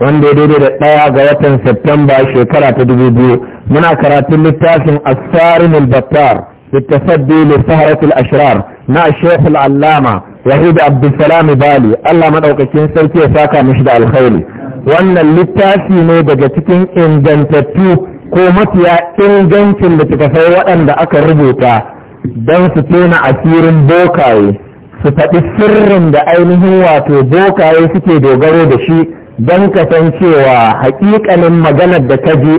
wanda ya daidai da ɗaya ga watan Septemba shekara ta dubu biyu muna karatun littafin Asarin al-Battar littasaddi lissaharatul ashrar na Shekul Allama Wahid Abdulsalam Bali Allah maɗaukakin sarki ya saka mishi da alkhairi wannan littafi ne daga cikin ingantattu ko mafiya ingancin littattafai waɗanda aka rubuta don su tona asirin bokaye su faɗi sirrin da ainihin wato bokaye suke dogaro da shi don ka san cewa hakikanin maganar da ta je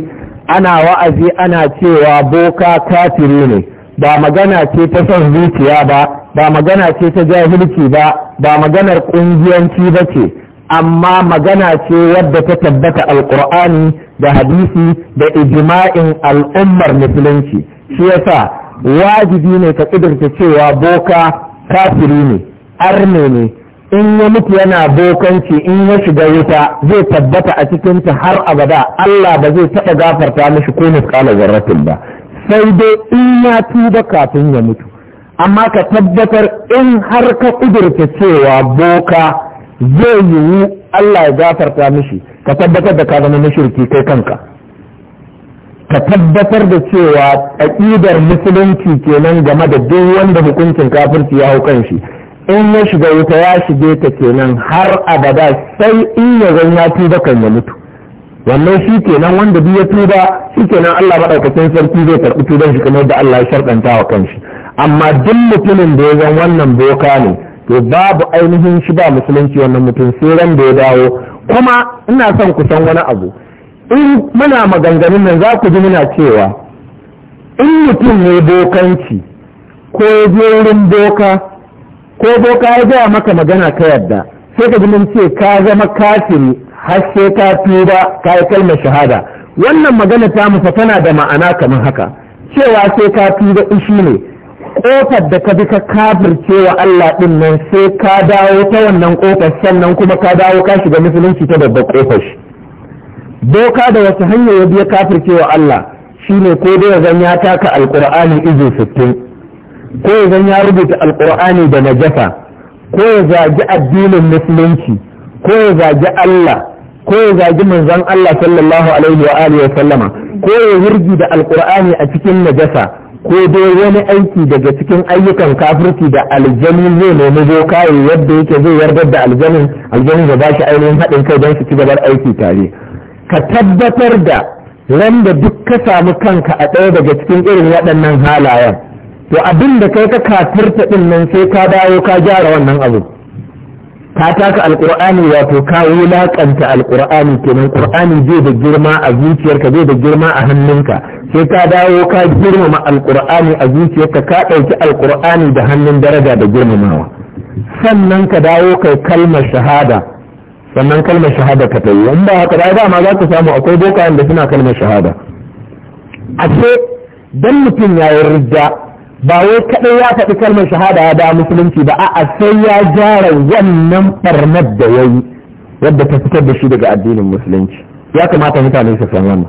ana wa'azi ana cewa boka kafiri ne ba magana ce ta son zuciya ba ba magana ce ta jahilci ba ba maganar ƙungiyanci ba ce amma magana ce wadda ta tabbata alƙur'ani da hadisi da ijima'in al'ummar musulunci shi yasa wajibi ne ka ƙudurta cewa boka kafiri ne arne ne in ya mutu yana bokanci in ya shiga wuta zai tabbata a cikinta har abada Allah ba zai taɓa gafarta mishi ko misƙala zarratin ba sai dai in ya tuba kafin ya mutu amma ka tabbatar in har ka ƙudurta cewa boka zai yiwu Allah ya gafarta mishi ka tabbatar da ka zama mashirki kai kanka ka tabbatar da cewa aƙidar musulunci kenan game da duk wanda hukuncin kafirci ya hau kan shi in ya shiga wuta ya shige ta kenan har abada sai in ya zan ya tuba kan ya mutu wannan shi kenan wanda biyu ya tuba shi kenan Allah maɗaukakin sarki zai karɓi tuban shi kamar da Allah ya sharɗanta wa kanshi amma duk mutumin da ya zan wannan boka ne to babu ainihin shi ba musulunci wannan mutum sai ran da ya dawo kuma ina son ku san wani abu in muna maganganun nan za ku ji muna cewa in mutum ne bokanci ko ya je wurin boka ko boka ya gaya maka magana ka yadda sai ka ji ce ka zama kafiri har sai ka tuba ka yi kalmar shahada wannan magana ta musa tana da ma'ana kamar haka cewa sai ka tuba ishi ne kofar da ka bi ka kafircewa cewa Allah din nan sai ka dawo ta wannan kofar sannan kuma ka dawo ka shiga musulunci ta babbar kofar shi boka da wasu hanyar ya biya kafircewa cewa Allah shine ko dai ya zan ya taka alqur'ani izu sittin. ko ya zan ya rubuta alkur'ani da najafa ko ya zagi addinin musulunci ko ya zagi Allah ko ya zagi manzon Allah sallallahu alaihi wa alihi wa sallama ko ya wurgi da alkur'ani a cikin najasa ko dai wani aiki daga cikin ayyukan kafirci da aljanin zai nemi zo kai yadda yake zai yardar da aljanin aljanin da ba shi ainihin haɗin kai don su ci gabar aiki tare ka tabbatar da randa duk ka samu kanka a ɗaya daga cikin irin waɗannan halayen to abin da kai ka kafirta din nan sai ka dawo ka gyara wannan abu ka taka alkur'ani wato ka wulakanta alkur'ani kenan qur'ani zai da girma a zuciyarka zai da girma a hannunka sai ka dawo ka girmama alkur'ani a zuciyarka ka ɗauki alkur'ani da hannun daraja da girmamawa sannan ka dawo kai kalmar shahada sannan kalmar shahada ka tayi in ba haka ba dama za ka samu akwai bokayen da suna kalmar shahada a dan mutum ya yi rijja. ba wai kaɗai ya faɗi kalmar shahada ya da musulunci ba a'a sai ya gyara wannan ɓarnar da ya yi wadda ta fitar da shi daga addinin musulunci ya kamata mutane su san wannan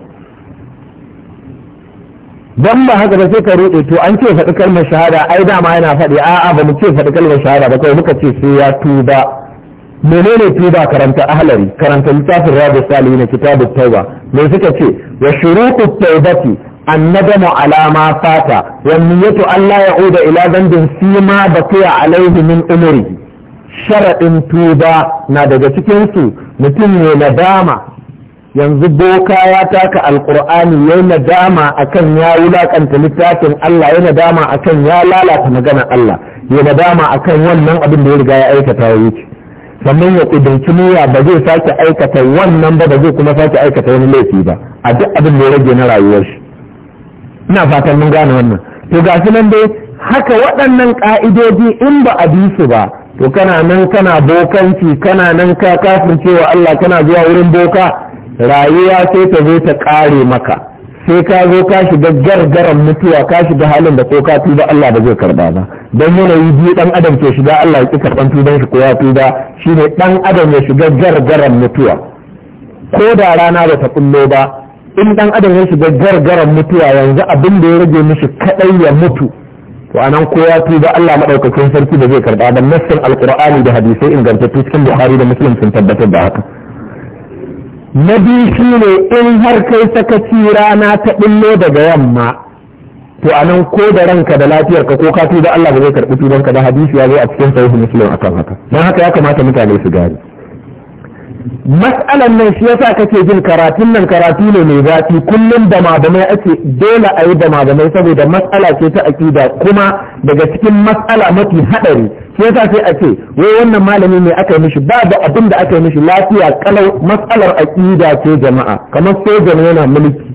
don ba haka ba sai ka ruɗe to an ce faɗi kalmar shahada ai dama yana faɗi a'a ba mu ce faɗi kalmar shahada ba kawai muka ce sai ya tuba menene tuba karanta ahlari karanta littafin rabu salihin kitabu tauba me suka ce wa shurutu taubati الندم على ما فات والنية أن ila يعود إلى ذنب فيما بقي عليه من أمره sharaɗin tuba na daga cikinsu mutum ne nadama yanzu boka ya taka alkur'ani ya nadama akan ya wulaƙanta littafin Allah ya nadama akan ya lalata maganar Allah ya nadama akan wannan abin da ya riga ya aikata ya wuce sannan ya ƙudurci niyya ba zai sake aikata wannan ba ba zai kuma sake aikata wani laifi ba a duk abin da ya rage na rayuwar shi ina fatan mun gane wannan to ga nan dai haka waɗannan ƙa'idodi in ba a bi su ba to kana nan kana bokanci kana nan ka kafin cewa Allah kana zuwa wurin boka rayuwa sai ta zo ta ƙare maka sai ka zo ka shiga gargaran mutuwa ka shiga halin da ko ka tuba Allah ba zai karba ba don yanayi biyu ɗan adam ke shiga Allah ya ki karban tuban shi ko ya tuba shine ɗan adam ya shiga gargaran mutuwa ko da rana ba ta kullo ba in dan adam ya shiga gargaran mutuwa yanzu abin da ya rage mishi kadai ya mutu to anan ko ya tuba Allah madaukakin sarki da zai karba da nassin alqur'ani da hadisai ingantattu cikin buhari da muslim sun tabbatar da haka na biyu shine in har kai sakaci rana ta billo daga yamma to anan ko da ranka da lafiyarka ko ka tuba Allah ba zai karbi ka da hadisi ya zo a cikin sahih muslim akan haka dan haka ya kamata mutane su gane matsalan nan shi yasa kake jin karatun nan karatu ne mai zafi kullum da madamai ake dole a yi da madamai saboda matsala ce ta akida kuma daga cikin matsala mafi haɗari shi yasa sai a ce wai wannan malami ne aka yi mishi babu abin da aka yi mishi lafiya kalau matsalar akida ce jama'a kamar sojan yana mulki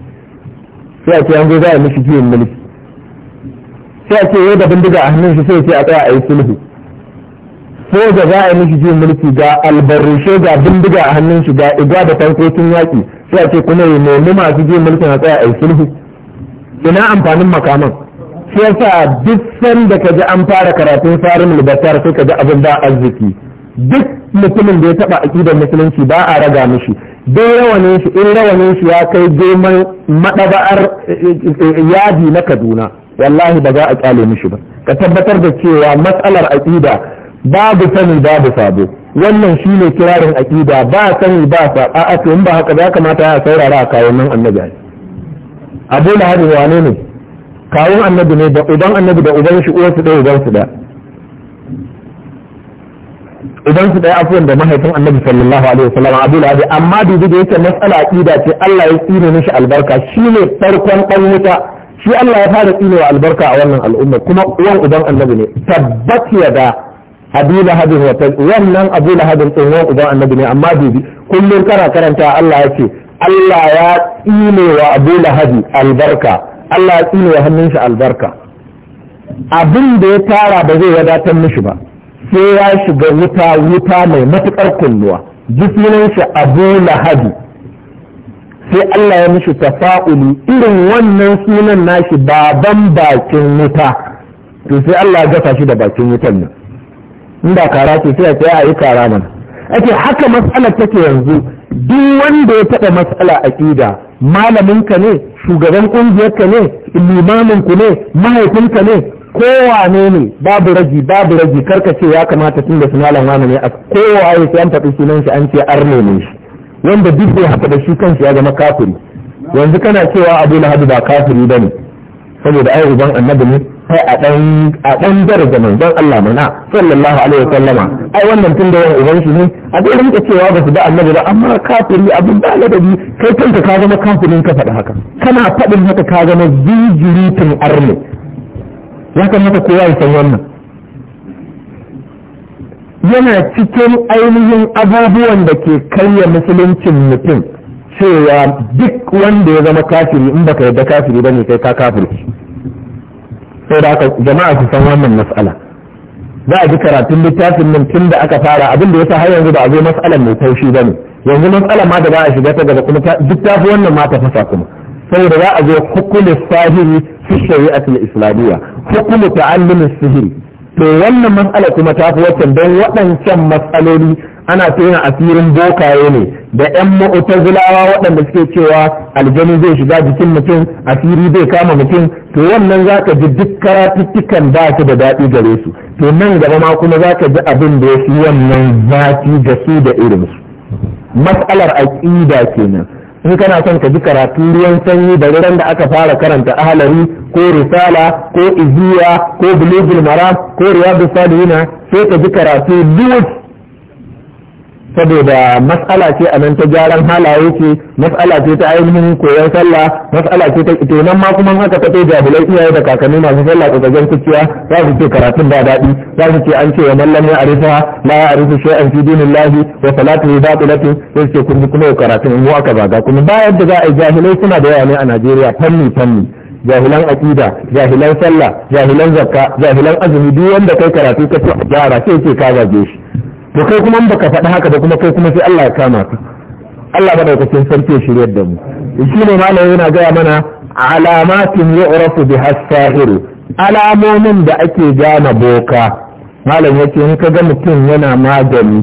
sai a ce an zo za a mishi jiyan mulki sai a ce wai da bindiga a hannun shi sai ce a tsaya a yi sulhu ko da za a yi miki jin mulki ga albarrushe ga bindiga a hannun shi ga igwa da tankokin yaƙi sai a ce kuma ya nemi masu jin mulkin a tsaya a yi sulhu ina amfanin makaman shi yasa duk sanda ka ji an fara karatun sarin libatar sai ka ji abin da arziki duk mutumin da ya taɓa aƙidar musulunci ba a raga mishi don rawanin shi in rawanin shi ya kai girman madaba'ar eh, eh, yadi na kaduna wallahi ba za a kyale mishi ba ka tabbatar da cewa matsalar aƙida babu sani babu sabo wannan shi ne kirarin aƙida ba sani ba sa a a in ba haka ya kamata ya saurara a kawon nan annabi abu lahabi wane ne kawun annabi ne da uban annabi da uban shi uwarsu ɗaya uban su ɗaya uban su ɗaya afuwan da mahaifin annabi sallallahu alaihi wasallam abu lahabi amma dubu da yake matsala aƙida ce Allah ya tsine mishi albarka shi ne farkon ɗan wuta shi Allah ya fara tsinewa albarka a wannan al'umma kuma uwan uban annabi ne tabbat ya da Habiba Habin wata wannan abu lahabin tsohon uban annabi ne amma bibi kullum kana karanta Allah ya ce Allah ya tsine wa abu lahabi albarka Allah ya tsine wa hannun shi albarka abin da ya tara ba zai wadatar mishi ba sai ya shiga wuta wuta mai matukar kulluwa jikinin shi abu lahabi sai Allah ya mishi tafa'uli irin wannan sunan nashi baban bakin wuta to sai Allah ya gasa shi da bakin wutan nan in kara ce sai a ce a yi kara mana ake haka matsala take yanzu duk wanda ya taɓa matsala a aƙida malaminka ne shugaban ƙungiyarka ne ku ne ka ne kowane ne babu raji babu raji karka ce ya kamata tun da sunalan wani ne a kowa ya ce an faɗi sunan shi an ce arne ne shi wanda duk ya haka da shi kanshi ya zama kafiri yanzu kana cewa abu lahadu ba kafiri ba ne saboda ai uban annabi ne sai a dan a dan daraja manzon Allah mana sallallahu alaihi wasallama ai wannan tun da wani uban shi ne a dai rinka cewa ba su da annabi ba amma kafiri abin da ladabi kai kanka ka zama kafirin ka faɗa haka kana faɗin haka ka zama tun arne ya kamata kowa ya san wannan yana cikin ainihin abubuwan da ke karya musuluncin mutum cewa duk wanda ya zama kafiri in baka yadda kafiri bane kai ka kafirci sai da aka jama'a su san wannan mas'ala za a ji karatun littafin nan tun da aka fara abin da yasa har yanzu ba a zo mas'alan mai taushi bane yanzu mas'alan ma da ba a shiga ta gaba kuma duk fi wannan ma ta fasa kuma saboda za a zo hukumar sahiri fi shari'atul islamiyya ta ta'allumin sihiri to wannan matsala kuma ta fi waccan don waɗancan matsaloli ana tona asirin bokaye ne da 'yan ma'utazilawa waɗanda suke cewa aljanu zai shiga jikin mutum asiri bai kama mutum to wannan za ka ji duk karatuttukan ba su da daɗi gare su to nan gaba ma kuma za ka ji abin da ya fi wannan zafi da su da irinsu matsalar aƙida kenan in kana son ka ji karatu ruwan sanyi da ran da aka fara karanta ahalari ko risala ko iziya ko bulugul maram ko riyadu salihina sai ka ji karatu duk saboda matsala ce a nan ta gyaran halaye ce matsala ce ta ainihin koyon sallah matsala ce ta ito nan ma kuma haka ta kai jahilai iyaye da kakanni masu sallah tsakajen kuciya za su ce karatun ba daɗi za su ce an ce wa mallam ya arifa la ya arifa shay'an fi dinillahi wa salatu batilatu sai ce kun kuma karatun mu aka zaga kuma bayan da za a yi jahilai suna da yawa ne a Najeriya fanni fanni jahilan aqida jahilan sallah jahilan zakka jahilan azumi duk wanda kai karatu ka ce gyara sai ce ka zage shi to kai kuma baka faɗi haka ba kuma kai kuma sai Allah ya kama ka Allah madaukakin sarki ya shiryar da mu shi ne malam yana gaya mana alamatin yu'rafu biha as-sahir alamomin da ake gane boka malam yace in ka ga mutum yana magani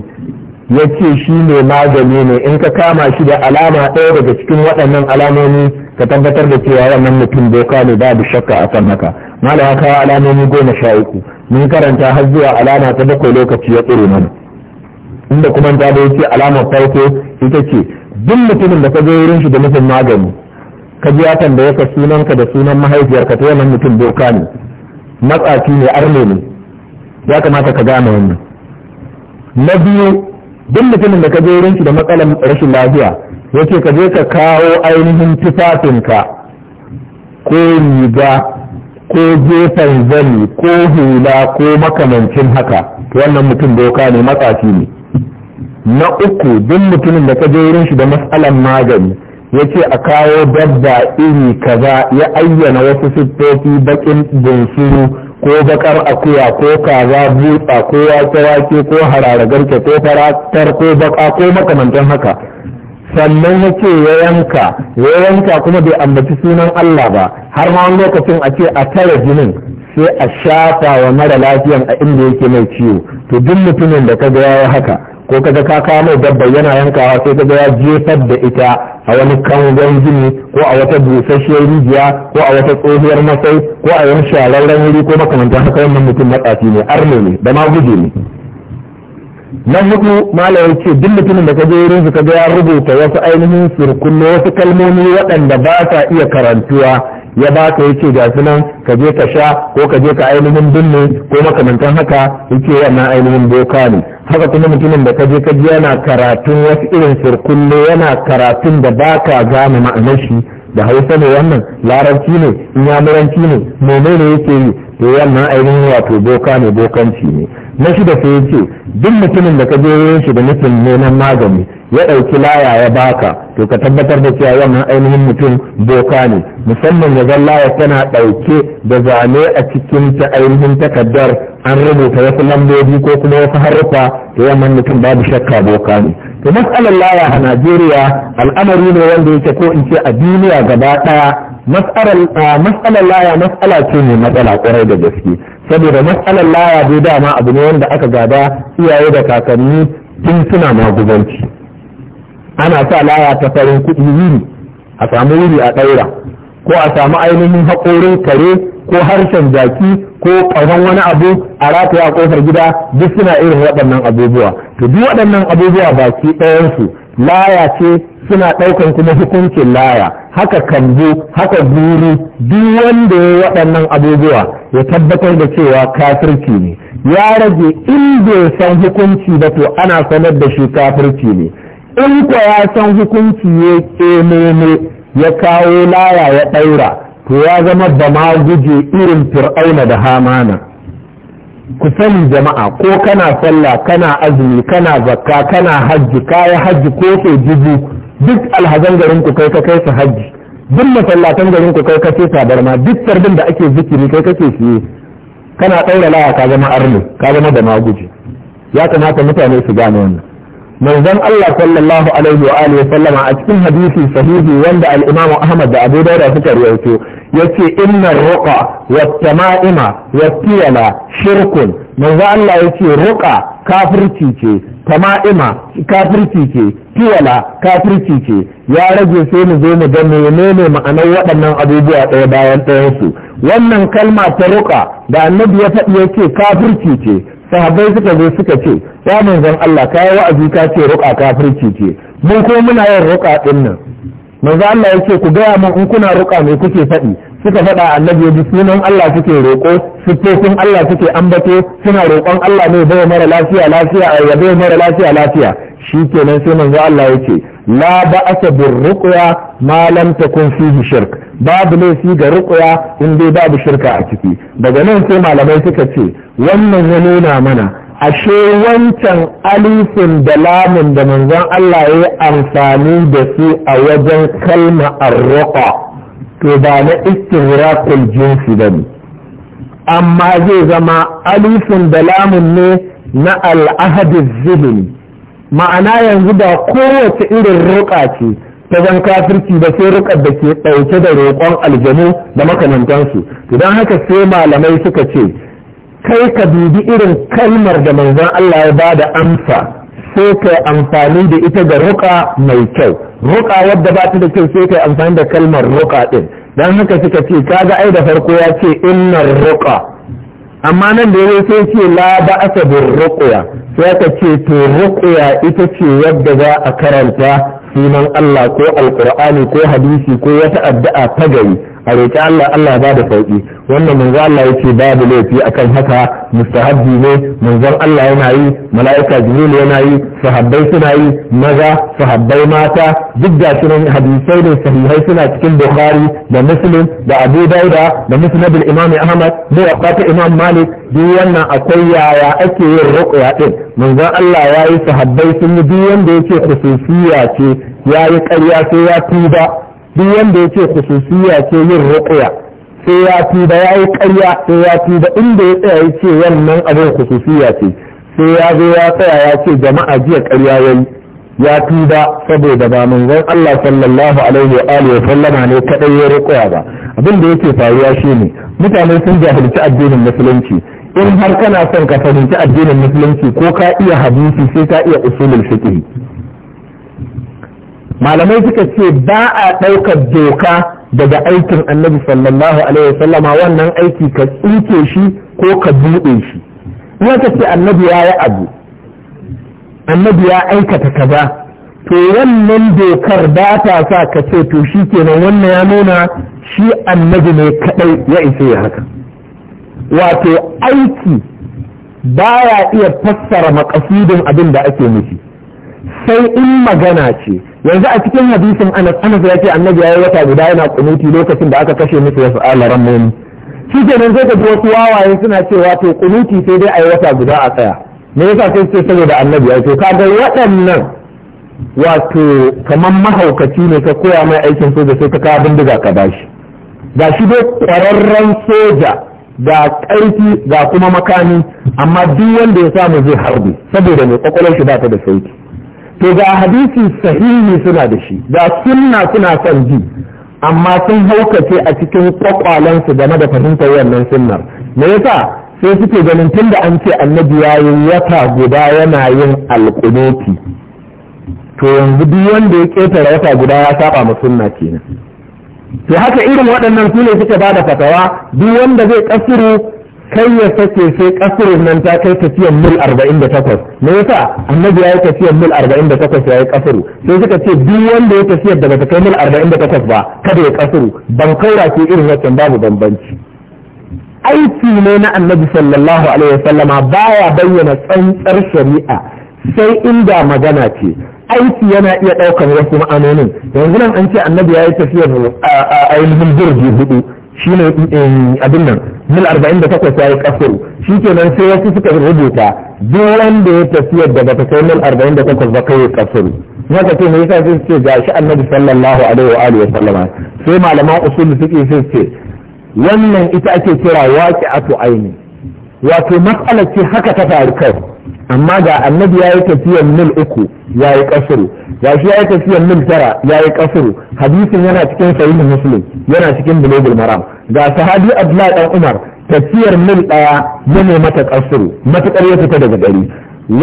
yace shi ne magani ne in ka kama shi da alama ɗaya daga cikin waɗannan alamomi ka tabbatar da cewa wannan mutum boka ne babu shakka a kan haka malam ya alamomi goma sha uku mun karanta har zuwa alama ta bakwai lokaci ya tsire mana inda kuma ta da yake alamar farko ita ce duk mutumin da ka zo wurin shi da nufin magani ka ji ya sunan ka sunanka da sunan mahaifiyarka ta wannan mutum doka ne matsafi ne arme ne ya kamata ka gane wannan na biyu duk mutumin da ka je wurin shi da matsalar rashin lafiya yake ka je ka kawo ainihin tufafinka ko riga ko gefen zani ko hula ko makamancin haka wannan mutum doka ne matsafi ne na uku duk mutumin da ka je wurin shi da matsalan magani ya ce a kawo dabba iri kaza ya ayyana wasu siffofi bakin bunsuru ko bakar akuya ko kaza butsa ko wake-wake ko hararagarke ko faratar ko baka ko makamantan haka sannan ya ce ya yanka ya yanka kuma bai ambaci sunan Allah ba har ma wani lokacin a ce a tara jinin sai a shafa wa mara lafiyan a inda yake mai ciwo to duk mutumin da ka ga haka ko kaga ka kawo mai dabba yana yankawa sai kaga ya jefar da ita a wani kangon jini ko a wata busasshiyar rijiya ko a wata tsohuwar masai ko a wani shararren wuri ko makamantan haka wannan mutum matsafi ne arne ne da ma guje ne na hudu malam ce duk mutumin da ka wurin su kaga ya rubuta wasu ainihin surkullo wasu kalmomi waɗanda ba sa iya karantuwa ya ba ka yace ga sunan ka je ka sha ko ka je ka ainihin binne ko makamantan haka yake yana ainihin boka ne haka kuma mutumin da ka je ka ji yana karatun wasu irin surkulle yana karatun da baka gane ma'anar shi da hausa ne wannan larabci ne inyamuranci ne menene yake yi to wannan ainihin wato boka ne bokanci ne na shida sai ya ce duk mutumin da ka je wurin shi da nufin neman magani ya ɗauki laya ya baka to ka tabbatar da cewa wannan ainihin mutum boka ne musamman ya zan laya tana ɗauke da zane a cikin ta ainihin takardar an rubuta wasu lambobi ko kuma wasu harfa to wannan mutum babu shakka boka ne to matsalar laya a najeriya al'amari ne wanda yake ko in ce a duniya gaba ɗaya matsalar laya matsala ce mai matsala kwarai da gaske saboda matsalar laya bai dama abu ne wanda aka gada iyaye da kakanni tun suna magubanci ana sa laya ta farin kuɗi wuri a samu wuri a ɗaura ko a samu ainihin haƙorin kare ko harshen jaki ko ƙaunar wani abu a rataya a ƙofar gida duk suna irin waɗannan abubuwa to duk waɗannan abubuwa baki ɗayansu laya ce suna ɗaukan kuma hukuncin laya haka kambu haka buru duk wanda ya waɗannan abubuwa ya tabbatar da cewa kafirci ne ya rage in bai san hukunci ba to ana sanar da shi kafirci ne in kuwa ya san hukunci ya kememe ya kawo laya ya ɗaura to ya zama da ma guje irin fir'auna da hamana ku sani jama'a ko kana sallah kana azumi kana zakka kana hajji kayi hajji ko ke jibu duk alhazan garin ku kai ka kai su hajji duk masallatan garin ku kai ka ce tabarma duk sardin da ake zikiri kai kake siye kana ɗaura laya ka zama arne ka zama da maguji ya kamata mutane su gane wannan manzon Allah sallallahu alaihi wa alihi sallama a cikin hadisi sahihi wanda al-Imam Ahmad da Abu Dawud suka rawaito yace innar ruqa wat tama'ima wat tiyala shirkun manzo Allah ya ce ruqa kafirci ce tama'ima kafirci ce tiwala kafirci ce ya rage sai mu zo mu ga menene ma'anar waɗannan abubuwa ɗaya bayan ɗayan su wannan kalma ta ruqa da annabi ya faɗi ya ce kafirci ce sahabbai suka zo suka ce ya manzon Allah kai wa'azi ka ce ruqa kafirci ce mun ko muna yin ruqa ɗin manzo Allah yake ku gaya min in kuna ruka me kuke faɗi suka faɗa annabi yaji sunan Allah kuke roƙo sun Allah kuke ambato suna roƙon Allah ne bai mara lafiya lafiya a yabe mara lafiya lafiya shikenan sai manzo Allah yake la ba'asa bir ruqya ma lam takun fihi shirk babu laifi ga ruqya in dai babu shirka a ciki daga nan sai malamai suka ce wannan ya nuna mana ashe wancan alifin da lamun da manzon Allah ya yi amfani da su a wajen kalma arroƙa to ba na istihrakul jinsi ba ne amma zai zama alifin da lamun ne na al'ahadin zibin ma'ana yanzu ba kowace irin roƙa ce ta zan kafirci da sai roƙar da ke ɗauke da roƙon aljanu da makamantansu su don haka sai malamai suka ce kai ka dubi irin kalmar da manzon Allah ya bada amsa sai ka amfani da ita ga ruka mai kyau ruka wadda ba ta da kyau sai ka amfani da kalmar ruka din dan haka suka ce kaga ai da farko ya ce innar ruka amma nan da yayi sai ce la ba asabur ruqya sai ka ce to ruqya ita ce wadda za a karanta sunan Allah ko alqur'ani ko hadisi ko wata addu'a ta gari a roƙi Allah Allah ba da sauƙi wannan manzo Allah yake babu laifi akan haka mustahabbi ne manzon Allah yana yi mala'ika jibril yana yi sahabbai suna yi maza sahabbai mata duk da cikin hadisai da sahihai suna cikin bukhari da muslim da abu dauda da musnad al-imam ahmad da waqata imam malik duk wannan akwai yaya ake yin ruqya din manzon Allah yayi sahabbai sun yi duk wanda yake khususiyya ce yayi ƙarya sai ya tuba duk wanda ya ce khususiya ce yin ruqya sai ya tuba ya yi ƙarya sai ya tuba inda ya tsaya ya ce wannan abin khususiya ce sai ya zo ya tsaya ya ce jama'a jiya ƙarya yayi ya tuba saboda ba manzon Allah sallallahu alaihi wa alihi wa sallama ne kadai ya ruqya ba abin da yake faruwa shine mutane sun jahilci addinin musulunci in har kana son ka fahimci addinin musulunci ko ka iya hadisi sai ka iya usulul fiqh malamai suka ce ba a ɗaukar doka daga aikin annabi sallallahu alaihi sallama, wannan aiki ka tsinke shi ko ka buɗe shi Ina ka ce annabi ya yi abu annabi ya aikata kaza to wannan dokar ba ta sa ka ce to shi kenan wannan ya nuna shi annabi ne kaɗai ya isa ya haka wato aiki baya iya fassara makasudin abin da ake nufi sai in magana ce yanzu a cikin hadisin anas anas ya ce annabi yayi wata guda yana kunuti lokacin da aka kashe musu wasu alaran momi shi kenan sai ka ji wasu wawaye suna cewa to kunuti sai dai ayi wata guda a tsaya me yasa sai ce saboda annabi ya ce kaga waɗannan wato kamar mahaukaci ne ka koya mai aikin soja sai ka kawo bindiga ka bashi ga shi dai ƙwararren soja ga ƙarfi ga kuma makami amma duk wanda ya samu zai harbe, saboda mai kwakwalwar shi ba ta da sauki to ga hadisi sahihi suna da shi da sunna suna son ji amma sun haukace a cikin kwakwalansu game da fahimtar wannan sunnar me yasa sai suke ganin tunda an ce annabi ya yi wata guda yana yin alƙunoti to yanzu duk wanda ya ƙetare wata guda ya saba ma sunna kenan to haka irin waɗannan su ne suke ba da fatawa duk wanda zai kasuru kai ya sake sai kasar nan ta kai tafiyar mil 48 me yasa annabi ya yi tafiyar mil 48 ya yi kasar. sai suka ce duk wanda ya tafiyar da bata kai mil 48 ba kada ya kasar. ban kaura ce irin wancan babu bambanci aiki ne na annabi sallallahu alaihi wasallama baya bayyana tsantsar shari'a sai inda magana ce aiki yana iya ɗaukar wasu ma'anonin yanzu nan an ce annabi ya yi a ainihin jirgi hudu shi ne eh, abin nan mil arba'in da takwas ya yi kasuru shi ke nan sai wasu suka rubuta duk wanda ya tafiya da ta kai mil arba'in da takwas ba kai kasuru na ka ce me yasa sai ce ga shi annabi sallallahu alaihi wa alihi sallama sai malaman usul suke sai ce wannan ita ake kira waqi'atu aini wato mas'alar ce haka ta faru kai amma ga annabi ya yi tafiyan mil uku ya yi kasuru ga shi ya yi tafiyan mil tara ya yi kasuru hadisin yana cikin sahihin muslim yana cikin bulogul maram ga sahabi abdullahi dan umar tafiyar mil daya ya ne mata kasuru matukar ya fita daga gari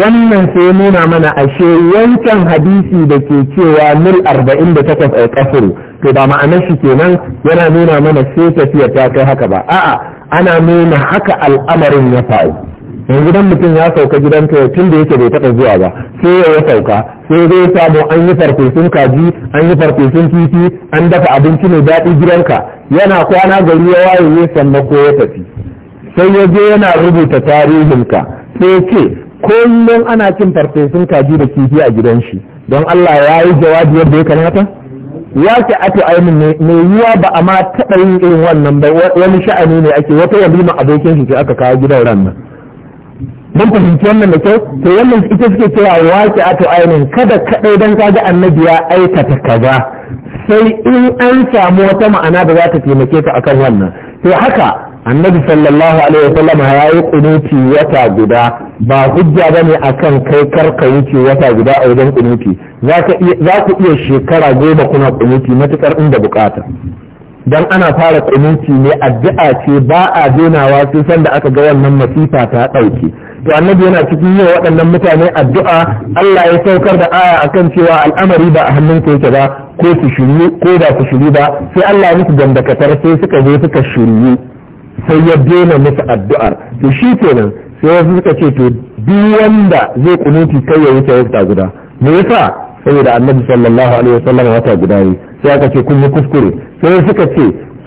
wannan sai nuna mana ashe yankan hadisi da ke cewa mil arba'in da takwas a kasuru to ba ma'anar shi kenan yana nuna mana sai tafiyar ta kai haka ba a'a ana nuna haka al'amarin ya faru yanzu dan mutum ya sauka gidan ya tun da yake bai taɓa zuwa ba sai ya sauka sai zai samu an yi farfesun kaji an yi farfesun kifi an dafa abinci mai daɗi gidanka yana kwana gari ya waye ya sannan ko ya tafi sai ya je yana rubuta tarihinka sai ce kullum ana cin farfesun kaji da kifi a gidan shi don Allah ya yi jawabi yadda ya kamata ya ce ato ainihin mai yiwa ba a ma taɓa yin irin wannan ba wani sha'ani ne ake wata yalima abokin shi ce aka kawo gidan ran nan mun fahimci wannan da kyau to wannan ita suke cewa waƙi ato ainihin kada kaɗai don kaga annabi ya aikata kaza sai in an samu wata ma'ana da za ta taimake ka akan wannan to haka annabi sallallahu alaihi wasallam ya yi kunuti wata guda ba hujja bane akan kai karka wuce wata guda a wajen kunuti za ku iya shekara goma kuna kunuti matukar inda bukata dan ana fara kunuti ne addu'a ce ba a denawa sai sanda aka ga wannan masifa ta ɗauke to annabi yana cikin yi waɗannan mutane addu'a Allah ya saukar da aya akan cewa al'amari ba a hannun ku yake ba ko su shiryu ko da shiryu ba sai Allah ya musu dandakatar sai suka je suka shiryu sai ya dena musu addu'ar to shi kenan sai wasu suka ce to duk wanda zai kunuti kai ya wuce ya guda me yasa saboda annabi sallallahu alaihi wasallam wata guda ne sai aka ce kun yi kuskure sai suka ce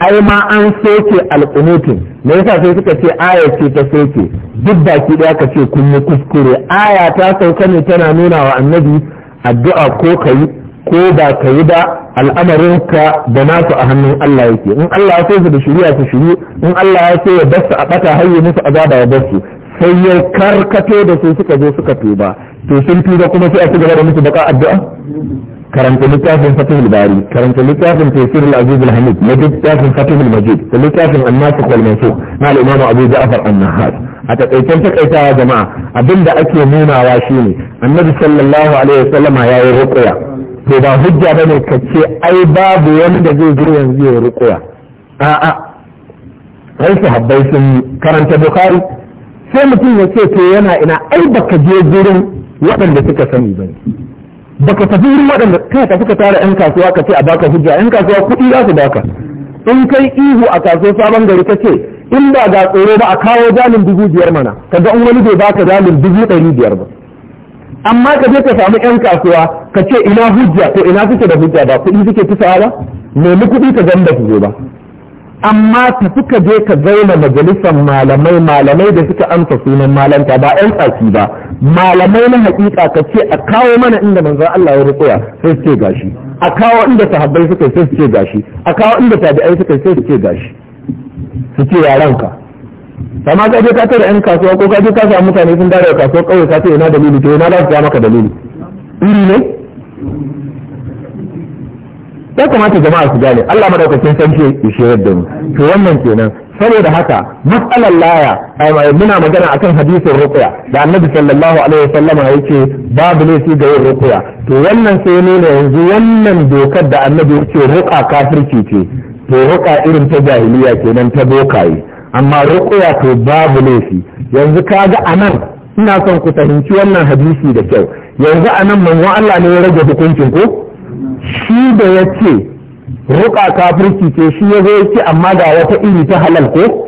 ai ma an soke alqunutin me yasa sai suka ce aya ce ta soke duk baki da aka ce kun yi kuskure aya ta sauka ne tana nuna wa annabi addu'a ko kai ko ba kai ba al'amarinka da nasu a hannun Allah yake in Allah ya so su da shiriya su shiri in Allah ya so ya dasa a bata hayye musu azaba ya dasu sai ya karkato da su suka zo suka tuba to sun tuba kuma sai a ci gaba da musu baka addu'a karanta littafin fatihul bari karanta littafin tafsir al-aziz al-hamid na littafin fatihul majid da littafin an-nasikh wal mansukh na al-imam abu ja'far an-nahas a takaicen takaitawa jama'a abinda ake nunawa shine annabi sallallahu alaihi wasallam ya yi ruqya to ba hujja bane ka ce ai babu wanda zai zo yanzu ya ruqya a'a sai sahabbai sun karanta bukhari sai mutum ya ce to yana ina ai baka je gurin waɗanda suka sani ba ne baka tafi wurin waɗanda kai ka ka tara yan kasuwa ka ce a baka hujja yan kasuwa kuɗi za su baka in kai ihu a kasuwar sabon gari ka ce in ba ga tsoro ba a kawo jalin dubu biyar mana kaga in wani bai baka jalin dubu ɗari biyar ba amma ka je ka samu yan kasuwa ka ce ina hujja to ina suke da hujja ba kuɗi suke tusawa ba nemi kuɗi ka ganda ku ba amma ta suka je ka zaune majalisar malamai malamai da suka amsa sunan malanta ba yan tsaki ba malamai na hakika ka ce a kawo mana inda manzon Allah ya rukuya sai suke ce gashi a kawo inda sahabbai suka sai suke ce gashi a kawo inda tabi'ai suka sai suke ce gashi su ce ya ranka amma ka je ka tare yan kasuwa ko ka je ka samu mutane sun dare kasuwa kawai ka ce yana dalili to ina za su ga maka dalili iri ne ya kamata jama'a su gane Allah madaukakin sarki ya shirar da mu to wannan kenan saboda haka matsalar laya muna magana akan hadisin ruqya da annabi sallallahu alaihi wasallam ce babu laifi ga yin ruqya to wannan sai ne yanzu wannan dokar da annabi ce ruqa kafirci ce to ruqa irin ta jahiliya kenan ta bokaye amma ruqya to babu laifi yanzu kaga anan ina son ku fahimci wannan hadisi da kyau yanzu anan manzo Allah ne ya rage hukuncin ko shi da ya ce ruka kafirci ce shi ya zo amma ga wata iri ta halal ko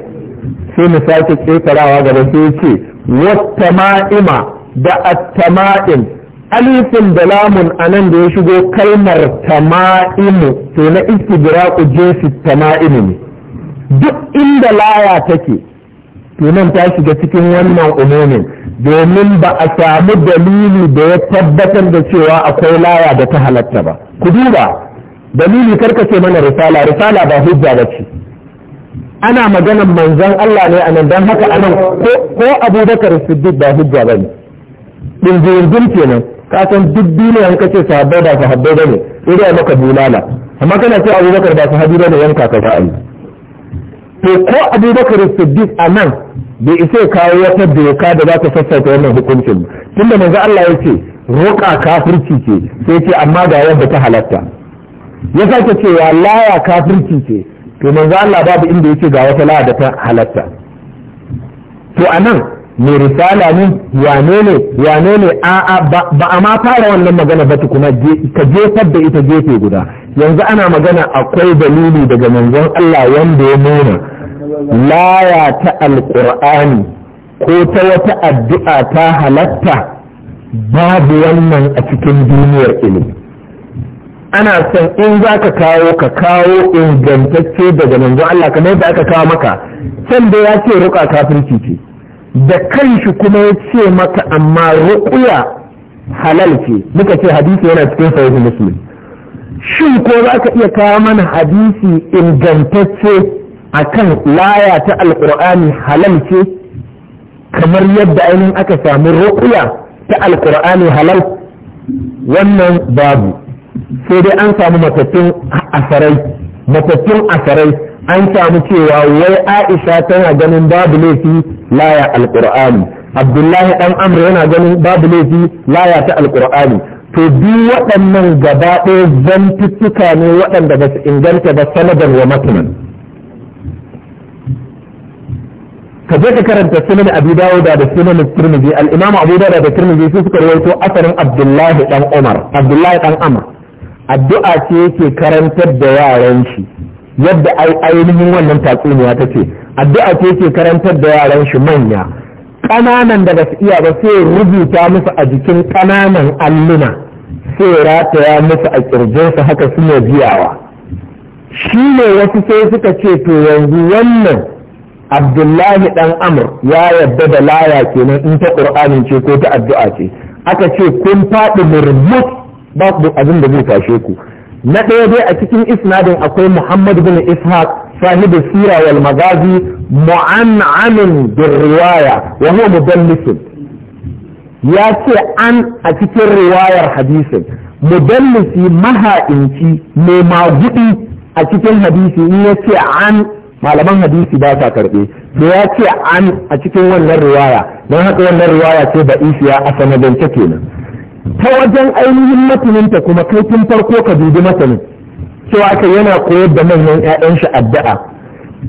sai mu sake ƙetarawa gaba sai ya ce wata ma'ima da attama'in alifin da lamun a nan da ya shigo kalmar tama'imu to na istigraku jinsi tama'imu ne duk inda laya take tunan ta shiga cikin wannan umumin domin ba a samu dalili da ya tabbatar da cewa akwai laya da ta halatta ba ku duba dalili ce mana risala risala ba hujja ba ce ana maganan manzon Allah ne nan don haka anan ko abubakar siddiq ba hujja ba ne ɗin kenan ka san duk duniya ka ce sahabbai ba sahabbai ba ne sai maka bulala amma kana ce abubakar ba sahabi ba ne yanka ka ba to ko abubakar siddiq a nan bai isa ya kawo wata doka da za ta sassauta wannan hukuncin ba tunda manzo Allah ya ce roƙa kafirci ce sai ce amma ga yadda ta halatta ya sake cewa laya kafirci ce to manzo Allah babu inda ya ce ga wata laya da ta halatta to a nan mai risala ne nene ya nene a a'a ba a ma fara wannan magana ba tukuna ka jefar da ita gefe guda yanzu ana magana akwai dalili daga manzon Allah wanda ya nuna laya ta alqur'ani ko ta wata addu'a ta halatta babu wannan a cikin duniyar ilimi ana son in za ka kawo ka kawo ingantacce daga manzon Allah kamar yadda aka kawo maka can da ya ce ruka kafirci ce da kanshi kuma ya ce maka amma ruƙuya halal ce muka ce hadisi yana cikin sahih muslim shin ko za ka iya kawo mana hadisi ingantacce akan laya ta alqur'ani halal ce kamar yadda ainihin aka samu ruƙuya ta alƙur'ani halal wannan babu sai dai an samu matattun asarai matattun asarai an samu cewa wai aisha tana ganin babu laifi laya alqur'ani abdullahi dan amr yana ganin babu laifi laya ta alqur'ani to bi waɗannan gaba ɗaya zantuttuka ne waɗanda ba su inganta ba sanadan wa matanan ka je ka karanta sunan abu dawuda da sunan tirmidhi al-imam abu dawuda da tirmidhi su suka rawaito asarin abdullahi dan umar abdullahi dan amr addu'a ce yake karantar da yaran shi yadda ainihin wannan tatsuniya ta ce addu'a ce ke karantar da yaran shi manya ƙananan da ba su iya ba sai rubuta musu a jikin ƙananan alluna sai rataya musu a ƙirjinsa haka suna biyawa shi ne wasu sai suka ce to yanzu wannan abdullahi ɗan amur ya yadda da laya kenan in ta ƙur'anin ce ko ta addu'a ce aka ce kun faɗi murmus ba ku abin da zai tashe ku na ɗaya dai a cikin isnadin akwai muhammad bin ishaq صاحب السيرة والمغازي معنعن بالرواية وهو مدلس ياتي أن أتكر رواية حديث مدلس مها إنتي مماغئي أتكر حديث ياتي عن malaman hadisi ba sa karbe to ya ce an a cikin wannan riwaya don haka wannan riwaya ce ba isiya a sanadance kenan ta wajen ainihin matuninta kuma kai tun farko ka dubi masanin cewa aka yana koyar da manyan 'ya'yan shi addu'a